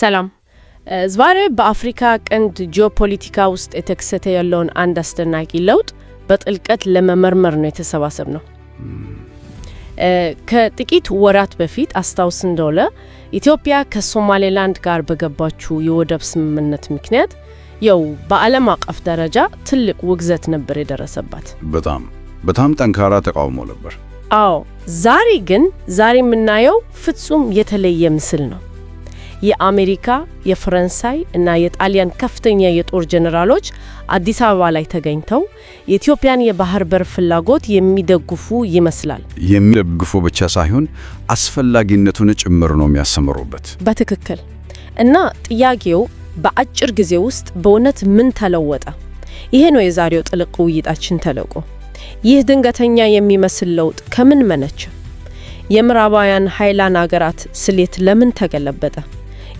ሰላም። ዛሬ በአፍሪካ ቀንድ ጂኦፖለቲካ ውስጥ የተከሰተ ያለውን አንድ አስደናቂ ለውጥ በጥልቀት ለመመርመር ነው የተሰባሰብ ነው። ከጥቂት ወራት በፊት አስታውስ እንደሆነ ኢትዮጵያ ከሶማሌላንድ ጋር በገባችው የወደብ ስምምነት ምክንያት ያው በዓለም አቀፍ ደረጃ ትልቅ ውግዘት ነበር የደረሰባት። በጣም በጣም ጠንካራ ተቃውሞ ነበር። አዎ፣ ዛሬ ግን ዛሬ የምናየው ፍጹም የተለየ ምስል ነው። የአሜሪካ፣ የፈረንሳይ እና የጣሊያን ከፍተኛ የጦር ጀነራሎች አዲስ አበባ ላይ ተገኝተው የኢትዮጵያን የባህር በር ፍላጎት የሚደግፉ ይመስላል። የሚደግፉ ብቻ ሳይሆን አስፈላጊነቱን ጭምር ነው የሚያሰምሩበት። በትክክል እና ጥያቄው በአጭር ጊዜ ውስጥ በእውነት ምን ተለወጠ? ይሄ ነው የዛሬው ጥልቅ ውይይታችን ተለቆ ይህ ድንገተኛ የሚመስል ለውጥ ከምን መነች? የምዕራባውያን ኃይላን አገራት ስሌት ለምን ተገለበጠ?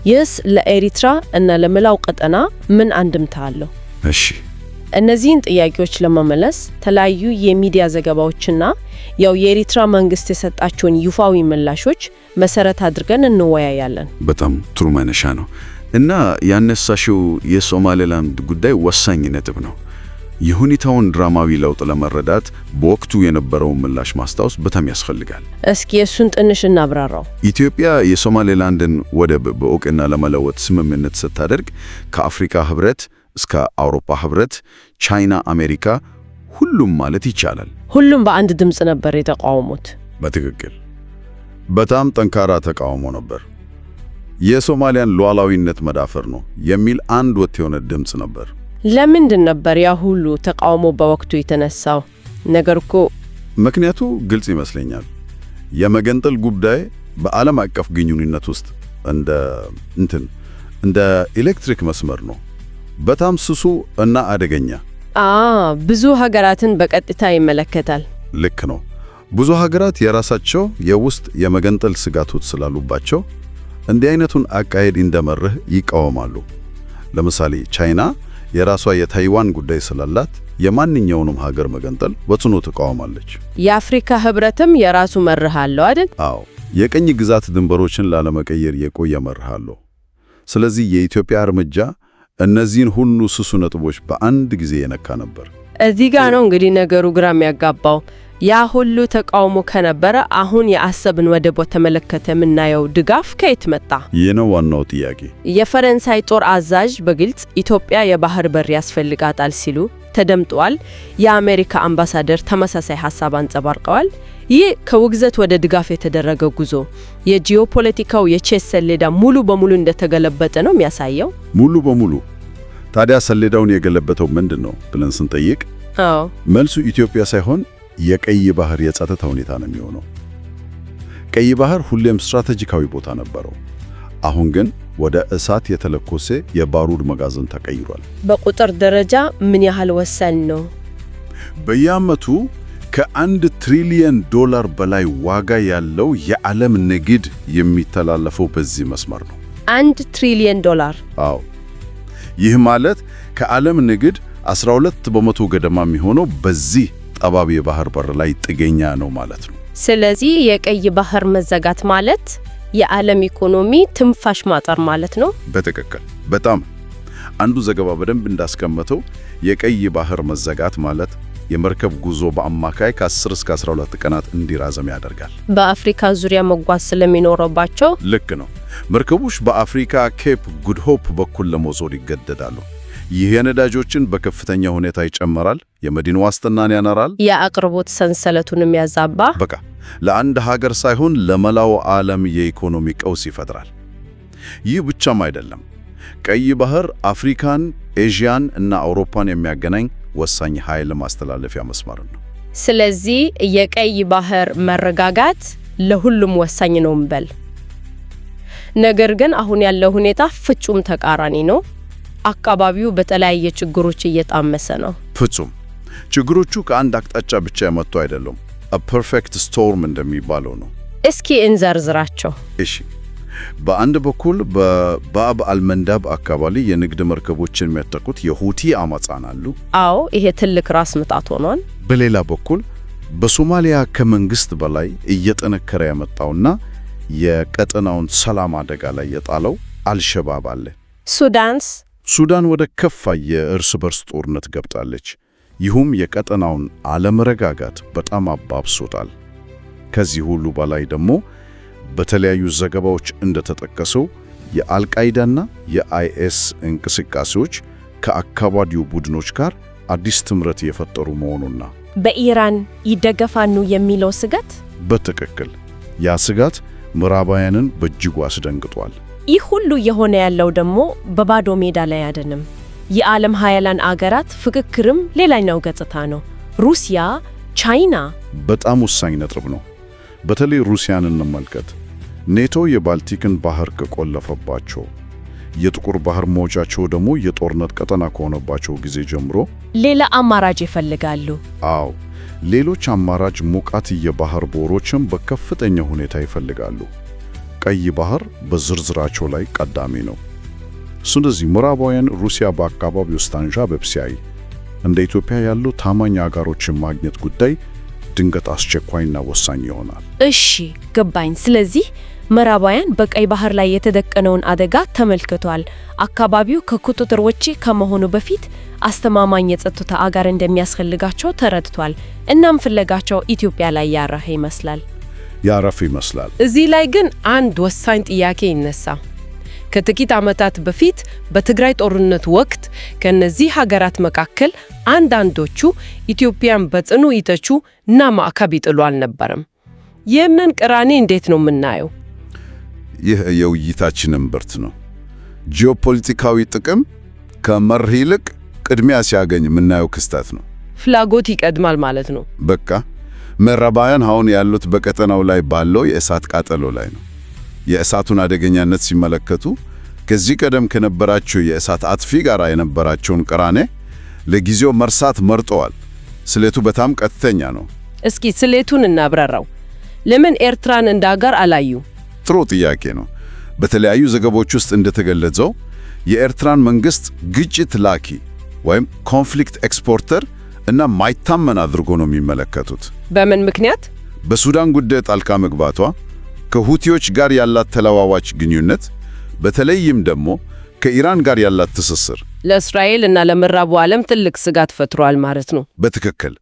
ይህስ ለኤሪትራ እና ለመላው ቀጠና ምን አንድምታ አለው? እሺ፣ እነዚህን ጥያቄዎች ለመመለስ ተለያዩ የሚዲያ ዘገባዎችና ያው የኤሪትራ መንግስት የሰጣቸውን ይፋዊ ምላሾች መሰረት አድርገን እንወያያለን። በጣም ጥሩ መነሻ ነው እና ያነሳሽው የሶማሌላንድ ጉዳይ ወሳኝ ነጥብ ነው። የሁኔታውን ድራማዊ ለውጥ ለመረዳት በወቅቱ የነበረውን ምላሽ ማስታወስ በጣም ያስፈልጋል። እስኪ እሱን ትንሽ እናብራራው። ኢትዮጵያ የሶማሌላንድን ወደብ በእውቅና ለመለወጥ ስምምነት ስታደርግ ከአፍሪካ ህብረት እስከ አውሮፓ ህብረት፣ ቻይና፣ አሜሪካ ሁሉም ማለት ይቻላል ሁሉም በአንድ ድምፅ ነበር የተቃወሙት። በትክክል በጣም ጠንካራ ተቃውሞ ነበር። የሶማሊያን ሉዓላዊነት መዳፈር ነው የሚል አንድ ወጥ የሆነ ድምፅ ነበር። ለምንድን ነበር ያ ሁሉ ተቃውሞ በወቅቱ የተነሳው? ነገር እኮ ምክንያቱ ግልጽ ይመስለኛል። የመገንጠል ጉዳይ በዓለም አቀፍ ግንኙነት ውስጥ እንደ እንትን እንደ ኤሌክትሪክ መስመር ነው። በጣም ስሱ እና አደገኛ አ ብዙ ሀገራትን በቀጥታ ይመለከታል። ልክ ነው። ብዙ ሀገራት የራሳቸው የውስጥ የመገንጠል ስጋቶች ስላሉባቸው እንዲህ አይነቱን አካሄድ እንደመርህ ይቃወማሉ። ለምሳሌ ቻይና የራሷ የታይዋን ጉዳይ ስላላት የማንኛውንም ሀገር መገንጠል በጽኑ ትቃወማለች። የአፍሪካ ህብረትም የራሱ መርህ አለው አይደል? አዎ፣ የቅኝ ግዛት ድንበሮችን ላለመቀየር የቆየ መርህ አለው። ስለዚህ የኢትዮጵያ እርምጃ እነዚህን ሁሉ ስሱ ነጥቦች በአንድ ጊዜ የነካ ነበር። እዚህ ጋ ነው እንግዲህ ነገሩ ግራ የሚያጋባው። ያ ሁሉ ተቃውሞ ከነበረ አሁን የአሰብን ወደብ በተመለከተ የምናየው ድጋፍ ከየት መጣ? ይህ ነው ዋናው ጥያቄ። የፈረንሳይ ጦር አዛዥ በግልጽ ኢትዮጵያ የባህር በር ያስፈልጋታል ሲሉ ተደምጠዋል። የአሜሪካ አምባሳደር ተመሳሳይ ሀሳብ አንጸባርቀዋል። ይህ ከውግዘት ወደ ድጋፍ የተደረገ ጉዞ የጂኦፖለቲካው የቼስ ሰሌዳ ሙሉ በሙሉ እንደተገለበጠ ነው የሚያሳየው። ሙሉ በሙሉ ታዲያ ሰሌዳውን የገለበተው ምንድን ነው ብለን ስንጠይቅ መልሱ ኢትዮጵያ ሳይሆን የቀይ ባህር የጸጥታ ሁኔታ ነው የሚሆነው። ቀይ ባህር ሁሌም ስትራቴጂካዊ ቦታ ነበረው። አሁን ግን ወደ እሳት የተለኮሰ የባሩድ መጋዘን ተቀይሯል። በቁጥር ደረጃ ምን ያህል ወሳኝ ነው? በየዓመቱ ከአንድ ትሪሊየን ዶላር በላይ ዋጋ ያለው የዓለም ንግድ የሚተላለፈው በዚህ መስመር ነው። አንድ ትሪሊየን ዶላር? አዎ። ይህ ማለት ከዓለም ንግድ 12 በመቶ ገደማ የሚሆነው በዚህ ጠባብ የባህር በር ላይ ጥገኛ ነው ማለት ነው። ስለዚህ የቀይ ባህር መዘጋት ማለት የዓለም ኢኮኖሚ ትንፋሽ ማጠር ማለት ነው። በትክክል በጣም አንዱ ዘገባ በደንብ እንዳስቀመጠው የቀይ ባህር መዘጋት ማለት የመርከብ ጉዞ በአማካይ ከ10 እስከ 12 ቀናት እንዲራዘም ያደርጋል። በአፍሪካ ዙሪያ መጓዝ ስለሚኖረባቸው ልክ ነው። መርከቦች በአፍሪካ ኬፕ ጉድ ሆፕ በኩል ለመዞር ይገደዳሉ። ይህ የነዳጆችን በከፍተኛ ሁኔታ ይጨምራል፣ የመዲን ዋስትናን ያነራል፣ የአቅርቦት ሰንሰለቱንም ያዛባ። በቃ ለአንድ ሀገር ሳይሆን ለመላው ዓለም የኢኮኖሚ ቀውስ ይፈጥራል። ይህ ብቻም አይደለም። ቀይ ባህር አፍሪካን፣ ኤዥያን እና አውሮፓን የሚያገናኝ ወሳኝ ኃይል ማስተላለፊያ መስመር ነው። ስለዚህ የቀይ ባህር መረጋጋት ለሁሉም ወሳኝ ነው እንበል። ነገር ግን አሁን ያለው ሁኔታ ፍጹም ተቃራኒ ነው። አካባቢው በተለያየ ችግሮች እየጣመሰ ነው። ፍጹም ችግሮቹ ከአንድ አቅጣጫ ብቻ የመጡ አይደሉም። ፐርፌክት ስቶርም እንደሚባለው ነው። እስኪ እንዘርዝራቸው። እሺ በአንድ በኩል በባብ አልመንዳብ አካባቢ የንግድ መርከቦችን የሚያጠቁት የሁቲ አማጻን አሉ። አዎ ይሄ ትልቅ ራስ ምታት ሆኗል። በሌላ በኩል በሶማሊያ ከመንግስት በላይ እየጠነከረ የመጣውና የቀጠናውን ሰላም አደጋ ላይ የጣለው አልሸባብ አለ። ሱዳንስ ሱዳን ወደ ከፋ የእርስ በርስ ጦርነት ገብታለች። ይሁም የቀጠናውን አለመረጋጋት በጣም አባብሶታል። ከዚህ ሁሉ በላይ ደግሞ በተለያዩ ዘገባዎች እንደተጠቀሰው የአልቃይዳና የአይኤስ እንቅስቃሴዎች ከአካባቢው ቡድኖች ጋር አዲስ ትምረት የፈጠሩ መሆኑና በኢራን ይደገፋሉ የሚለው ስጋት በትክክል ያ ስጋት ምዕራባውያንን በእጅጉ አስደንግጧል። ይህ ሁሉ እየሆነ ያለው ደግሞ በባዶ ሜዳ ላይ አይደለም። የዓለም ሀያላን አገራት ፍክክርም ሌላኛው ገጽታ ነው። ሩሲያ፣ ቻይና በጣም ወሳኝ ነጥብ ነው። በተለይ ሩሲያን እንመልከት። ኔቶ የባልቲክን ባህር ከቆለፈባቸው የጥቁር ባህር መውጫቸው ደግሞ የጦርነት ቀጠና ከሆነባቸው ጊዜ ጀምሮ ሌላ አማራጭ ይፈልጋሉ። አዎ ሌሎች አማራጭ ሞቃት የባህር ቦሮችም በከፍተኛ ሁኔታ ይፈልጋሉ። ቀይ ባህር በዝርዝራቸው ላይ ቀዳሚ ነው። ስለዚህ ምዕራባውያን ሩሲያ በአካባቢው ስታንዣ በብሲያይ እንደ ኢትዮጵያ ያሉ ታማኝ አጋሮችን ማግኘት ጉዳይ ድንገት አስቸኳይና ወሳኝ ይሆናል። እሺ ገባኝ። ስለዚህ ምዕራባውያን በቀይ ባህር ላይ የተደቀነውን አደጋ ተመልክቷል። አካባቢው ከቁጥጥር ውጪ ከመሆኑ በፊት አስተማማኝ የጸጥታ አጋር እንደሚያስፈልጋቸው ተረድቷል። እናም ፍለጋቸው ኢትዮጵያ ላይ ያረፈ ይመስላል። ያረፉ ይመስላል። እዚህ ላይ ግን አንድ ወሳኝ ጥያቄ ይነሳ። ከጥቂት ዓመታት በፊት በትግራይ ጦርነት ወቅት ከእነዚህ ሀገራት መካከል አንዳንዶቹ ኢትዮጵያን በጽኑ ይተቹ እና ማዕቀብ ይጥሉ አልነበረም። ይህንን ቅራኔ እንዴት ነው የምናየው? ይህ የውይይታችን እምብርት ነው። ጂኦፖለቲካዊ ጥቅም ከመርህ ይልቅ ቅድሚያ ሲያገኝ የምናየው ክስተት ነው። ፍላጎት ይቀድማል ማለት ነው። በቃ ምዕራባውያን አሁን ያሉት በቀጠናው ላይ ባለው የእሳት ቃጠሎ ላይ ነው። የእሳቱን አደገኛነት ሲመለከቱ ከዚህ ቀደም ከነበራቸው የእሳት አጥፊ ጋር የነበራቸውን ቅራኔ ለጊዜው መርሳት መርጠዋል። ስሌቱ በጣም ቀጥተኛ ነው። እስኪ ስሌቱን እናብረራው ለምን ኤርትራን እንደ አጋር አላዩ? ጥሩ ጥያቄ ነው። በተለያዩ ዘገቦች ውስጥ እንደተገለጸው የኤርትራን መንግሥት ግጭት ላኪ ወይም ኮንፍሊክት ኤክስፖርተር እና ማይታመን አድርጎ ነው የሚመለከቱት። በምን ምክንያት? በሱዳን ጉዳይ ጣልቃ መግባቷ፣ ከሁቲዎች ጋር ያላት ተለዋዋጭ ግንኙነት፣ በተለይም ደግሞ ከኢራን ጋር ያላት ትስስር ለእስራኤል እና ለምዕራቡ ዓለም ትልቅ ስጋት ፈጥሯል ማለት ነው። በትክክል።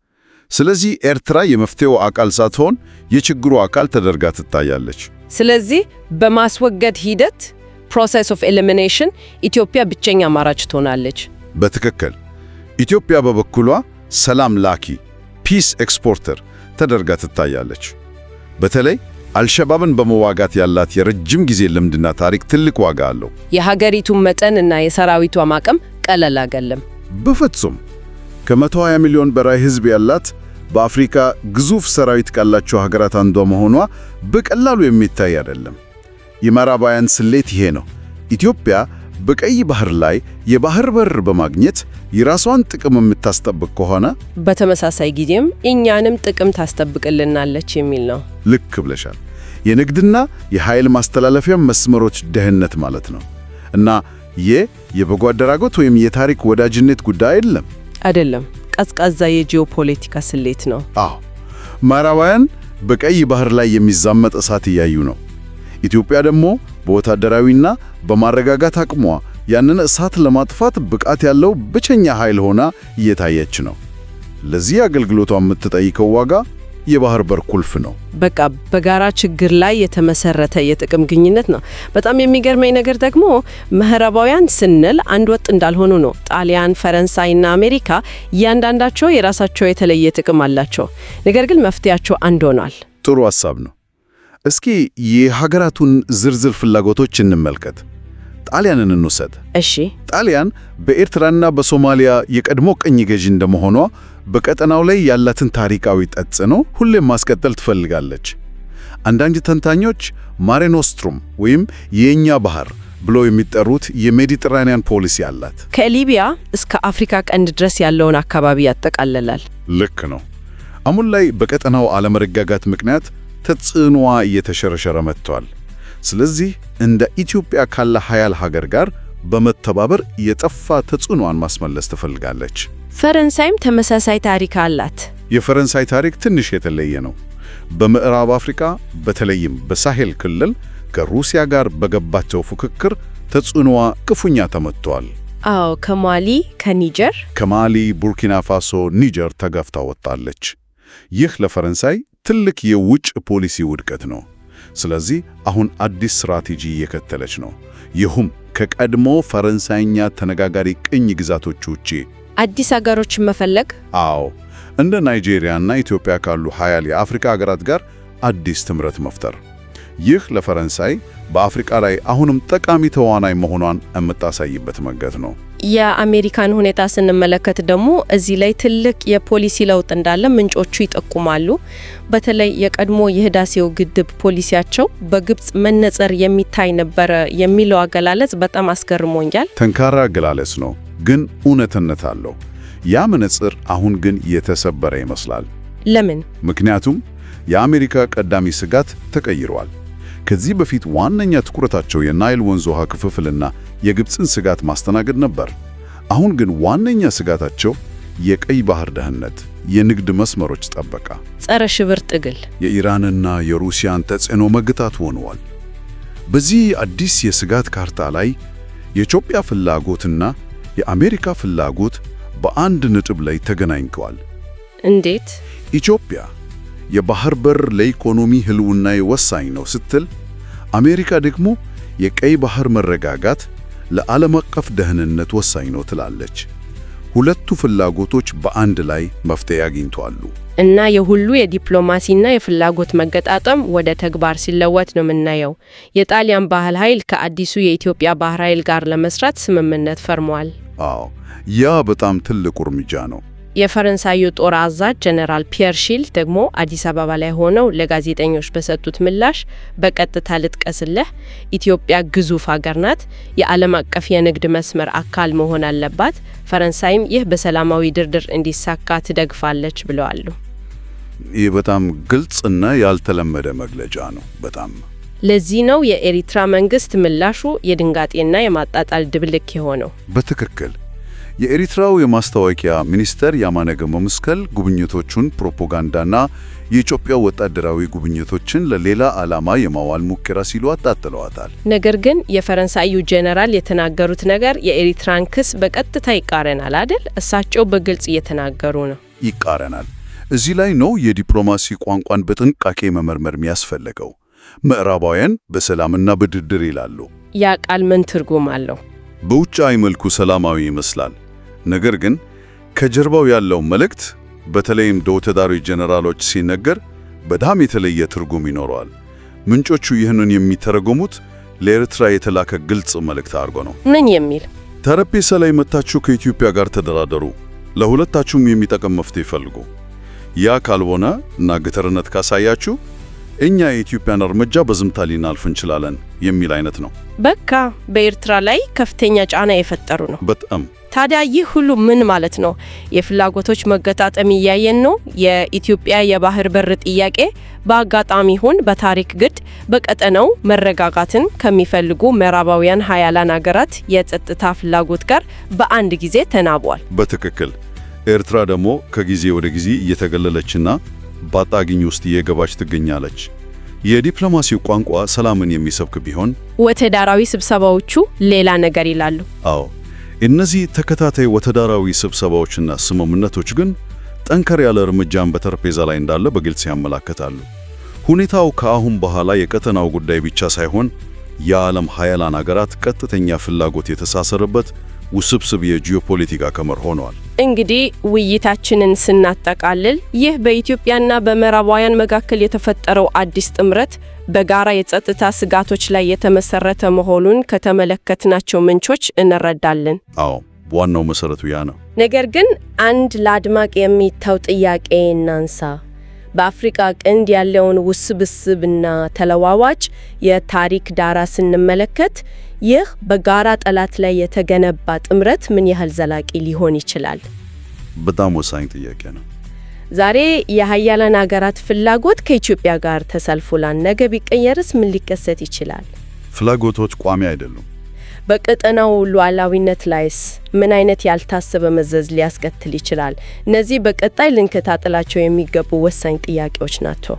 ስለዚህ ኤርትራ የመፍትሄው አካል ሳትሆን የችግሩ አካል ተደርጋ ትታያለች። ስለዚህ በማስወገድ ሂደት ፕሮሰስ ኦፍ ኤሊሚኔሽን ኢትዮጵያ ብቸኛ አማራጭ ትሆናለች። በትክክል ኢትዮጵያ በበኩሏ ሰላም ላኪ ፒስ ኤክስፖርተር ተደርጋ ትታያለች። በተለይ አልሸባብን በመዋጋት ያላት የረጅም ጊዜ ልምድና ታሪክ ትልቅ ዋጋ አለው። የሀገሪቱን መጠን እና የሰራዊቷ አቅም ቀለል አገለም በፍጹም ከ120 ሚሊዮን በላይ ህዝብ ያላት በአፍሪካ ግዙፍ ሰራዊት ካላቸው ሀገራት አንዷ መሆኗ በቀላሉ የሚታይ አይደለም። የምዕራባውያን ስሌት ይሄ ነው። ኢትዮጵያ በቀይ ባህር ላይ የባህር በር በማግኘት የራሷን ጥቅም የምታስጠብቅ ከሆነ በተመሳሳይ ጊዜም እኛንም ጥቅም ታስጠብቅልናለች የሚል ነው። ልክ ብለሻል። የንግድና የኃይል ማስተላለፊያ መስመሮች ደህንነት ማለት ነው እና ይህ የበጎ አደራጎት ወይም የታሪክ ወዳጅነት ጉዳይ አይደለም። አይደለም። ቀዝቃዛ የጂኦፖለቲካ ስሌት ነው። አዎ፣ ምዕራባውያን በቀይ ባህር ላይ የሚዛመጥ እሳት እያዩ ነው። ኢትዮጵያ ደግሞ በወታደራዊና በማረጋጋት አቅሟ ያንን እሳት ለማጥፋት ብቃት ያለው ብቸኛ ኃይል ሆና እየታየች ነው። ለዚህ አገልግሎቷ የምትጠይቀው ዋጋ የባህር በር ቁልፍ ነው። በቃ በጋራ ችግር ላይ የተመሰረተ የጥቅም ግኝነት ነው። በጣም የሚገርመኝ ነገር ደግሞ መህረባውያን ስንል አንድ ወጥ እንዳልሆኑ ነው። ጣሊያን፣ ፈረንሳይና አሜሪካ እያንዳንዳቸው የራሳቸው የተለየ ጥቅም አላቸው። ነገር ግን መፍትሄያቸው አንድ ሆኗል። ጥሩ ሀሳብ ነው። እስኪ የሀገራቱን ዝርዝር ፍላጎቶች እንመልከት። ጣሊያንን እንውሰድ። እሺ፣ ጣሊያን በኤርትራና በሶማሊያ የቀድሞ ቅኝ ገዢ እንደመሆኗ በቀጠናው ላይ ያላትን ታሪካዊ ተጽዕኖ ሁሌም ማስቀጠል ትፈልጋለች። አንዳንድ ተንታኞች ማሬ ኖስትሩም ወይም የእኛ ባህር ብሎ የሚጠሩት የሜዲትራኒያን ፖሊሲ አላት። ከሊቢያ እስከ አፍሪካ ቀንድ ድረስ ያለውን አካባቢ ያጠቃልላል። ልክ ነው። አሁን ላይ በቀጠናው አለመረጋጋት ምክንያት ተጽዕኖዋ እየተሸረሸረ መጥቷል። ስለዚህ እንደ ኢትዮጵያ ካለ ሀያል ሀገር ጋር በመተባበር የጠፋ ተጽዕኖዋን ማስመለስ ትፈልጋለች። ፈረንሳይም ተመሳሳይ ታሪክ አላት። የፈረንሳይ ታሪክ ትንሽ የተለየ ነው። በምዕራብ አፍሪካ በተለይም በሳሄል ክልል ከሩሲያ ጋር በገባቸው ፉክክር ተጽዕኖዋ ክፉኛ ተመትቷል። አዎ፣ ከማሊ ከኒጀር ከማሊ ቡርኪና ፋሶ፣ ኒጀር ተገፍታ ወጣለች። ይህ ለፈረንሳይ ትልቅ የውጭ ፖሊሲ ውድቀት ነው። ስለዚህ አሁን አዲስ ስትራቴጂ እየከተለች ነው። ይሁም ከቀድሞ ፈረንሳይኛ ተነጋጋሪ ቅኝ ግዛቶች ውጪ አዲስ አገሮችን መፈለግ። አዎ እንደ ናይጄሪያና ኢትዮጵያ ካሉ ሀያል የአፍሪካ አገራት ጋር አዲስ ትምረት መፍጠር ይህ ለፈረንሳይ በአፍሪቃ ላይ አሁንም ጠቃሚ ተዋናይ መሆኗን የምታሳይበት መንገድ ነው። የአሜሪካን ሁኔታ ስንመለከት ደግሞ እዚህ ላይ ትልቅ የፖሊሲ ለውጥ እንዳለ ምንጮቹ ይጠቁማሉ። በተለይ የቀድሞ የህዳሴው ግድብ ፖሊሲያቸው በግብፅ መነጽር የሚታይ ነበረ የሚለው አገላለጽ በጣም አስገርሞኛል። ተንካራ አገላለጽ ነው፣ ግን እውነትነት አለው። ያ መነጽር አሁን ግን የተሰበረ ይመስላል። ለምን? ምክንያቱም የአሜሪካ ቀዳሚ ስጋት ተቀይሯል። ከዚህ በፊት ዋነኛ ትኩረታቸው የናይል ወንዝ ውሃ ክፍፍልና የግብፅን ስጋት ማስተናገድ ነበር። አሁን ግን ዋነኛ ስጋታቸው የቀይ ባህር ደህንነት፣ የንግድ መስመሮች ጠበቃ፣ ጸረ ሽብር ትግል፣ የኢራንና የሩሲያን ተጽዕኖ መግታት ሆነዋል። በዚህ አዲስ የስጋት ካርታ ላይ የኢትዮጵያ ፍላጎትና የአሜሪካ ፍላጎት በአንድ ነጥብ ላይ ተገናኝተዋል። እንዴት ኢትዮጵያ የባህር በር ለኢኮኖሚ ህልውናዬ ወሳኝ ነው ስትል፣ አሜሪካ ደግሞ የቀይ ባህር መረጋጋት ለዓለም አቀፍ ደህንነት ወሳኝ ነው ትላለች። ሁለቱ ፍላጎቶች በአንድ ላይ መፍትሄ አግኝተዋሉ እና የሁሉ የዲፕሎማሲና የፍላጎት መገጣጠም ወደ ተግባር ሲለወጥ ነው የምናየው። የጣሊያን ባህር ኃይል ከአዲሱ የኢትዮጵያ ባህር ኃይል ጋር ለመስራት ስምምነት ፈርሟል። አዎ ያ በጣም ትልቁ እርምጃ ነው። የፈረንሳዩ ጦር አዛዥ ጀነራል ፒየር ሺል ደግሞ አዲስ አበባ ላይ ሆነው ለጋዜጠኞች በሰጡት ምላሽ በቀጥታ ልጥቀስልህ፣ ኢትዮጵያ ግዙፍ ሀገር ናት፣ የዓለም አቀፍ የንግድ መስመር አካል መሆን አለባት። ፈረንሳይም ይህ በሰላማዊ ድርድር እንዲሳካ ትደግፋለች ብለዋሉ። ይህ በጣም ግልጽና ያልተለመደ መግለጫ ነው። በጣም ለዚህ ነው የኤሪትራ መንግስት ምላሹ የድንጋጤና የማጣጣል ድብልቅ የሆነው። በትክክል የኤሪትራው የማስታወቂያ ሚኒስተር ያማነ ገብረ መስቀል ጉብኝቶቹን ፕሮፓጋንዳና የኢትዮጵያ ወታደራዊ ጉብኝቶችን ለሌላ ዓላማ የማዋል ሙከራ ሲሉ አጣጥለዋታል። ነገር ግን የፈረንሳዩ ጄኔራል የተናገሩት ነገር የኤሪትራን ክስ በቀጥታ ይቃረናል አይደል? እሳቸው በግልጽ እየተናገሩ ነው። ይቃረናል። እዚህ ላይ ነው የዲፕሎማሲ ቋንቋን በጥንቃቄ መመርመር የሚያስፈልገው። ምዕራባውያን በሰላምና በድርድር ይላሉ። ያ ቃል ምን ትርጉም አለው? በውጫዊ መልኩ ሰላማዊ ይመስላል ነገር ግን ከጀርባው ያለው መልእክት በተለይም ለወታደራዊ ጀነራሎች ሲነገር በጣም የተለየ ትርጉም ይኖረዋል። ምንጮቹ ይህንን የሚተረጉሙት ለኤርትራ የተላከ ግልጽ መልእክት አድርጎ ነው። ምን የሚል? ጠረጴዛ ላይ መታችሁ ከኢትዮጵያ ጋር ተደራደሩ፣ ለሁለታችሁም የሚጠቅም መፍትሄ ፈልጉ። ያ ካልሆነ እና ግትርነት ካሳያችሁ እኛ የኢትዮጵያን እርምጃ በዝምታ ልናልፍ እንችላለን የሚል አይነት ነው። በቃ በኤርትራ ላይ ከፍተኛ ጫና የፈጠሩ ነው። በጣም ታዲያ ይህ ሁሉ ምን ማለት ነው? የፍላጎቶች መገጣጠም እያየን ነው። የኢትዮጵያ የባህር በር ጥያቄ በአጋጣሚ ሁን በታሪክ ግድ በቀጠናው መረጋጋትን ከሚፈልጉ ምዕራባውያን ሀያላን ሀገራት የጸጥታ ፍላጎት ጋር በአንድ ጊዜ ተናቧል። በትክክል ኤርትራ ደግሞ ከጊዜ ወደ ጊዜ እየተገለለችና ባጣግኝ ውስጥ እየገባች ትገኛለች። የዲፕሎማሲው ቋንቋ ሰላምን የሚሰብክ ቢሆን፣ ወተዳራዊ ስብሰባዎቹ ሌላ ነገር ይላሉ። አዎ እነዚህ ተከታታይ ወተዳራዊ ስብሰባዎችና ስምምነቶች ግን ጠንከር ያለ እርምጃን በጠረጴዛ ላይ እንዳለ በግልጽ ያመላክታሉ። ሁኔታው ከአሁን በኋላ የቀጠናው ጉዳይ ብቻ ሳይሆን የዓለም ሀያላን አገራት ቀጥተኛ ፍላጎት የተሳሰረበት ውስብስብ የጂኦፖለቲካ ቀመር ሆኗል። እንግዲህ ውይይታችንን ስናጠቃልል ይህ በኢትዮጵያና በምዕራባውያን መካከል የተፈጠረው አዲስ ጥምረት በጋራ የጸጥታ ስጋቶች ላይ የተመሰረተ መሆኑን ከተመለከትናቸው ምንጮች እንረዳለን። አዎ ዋናው መሰረቱ ያ ነው። ነገር ግን አንድ ለአድማቅ የሚተው ጥያቄ እናንሳ። በአፍሪቃ ቀንድ ያለውን ውስብስብና ተለዋዋጭ የታሪክ ዳራ ስንመለከት ይህ በጋራ ጠላት ላይ የተገነባ ጥምረት ምን ያህል ዘላቂ ሊሆን ይችላል? በጣም ወሳኝ ጥያቄ ነው። ዛሬ የሀያላን አገራት ፍላጎት ከኢትዮጵያ ጋር ተሰልፎ ነገ ቢቀየርስ ምን ሊከሰት ይችላል? ፍላጎቶች ቋሚ አይደሉም። በቀጠናው ሉዓላዊነት ላይስ ምን አይነት ያልታሰበ መዘዝ ሊያስከትል ይችላል? እነዚህ በቀጣይ ልንከታተላቸው የሚገቡ ወሳኝ ጥያቄዎች ናቸው።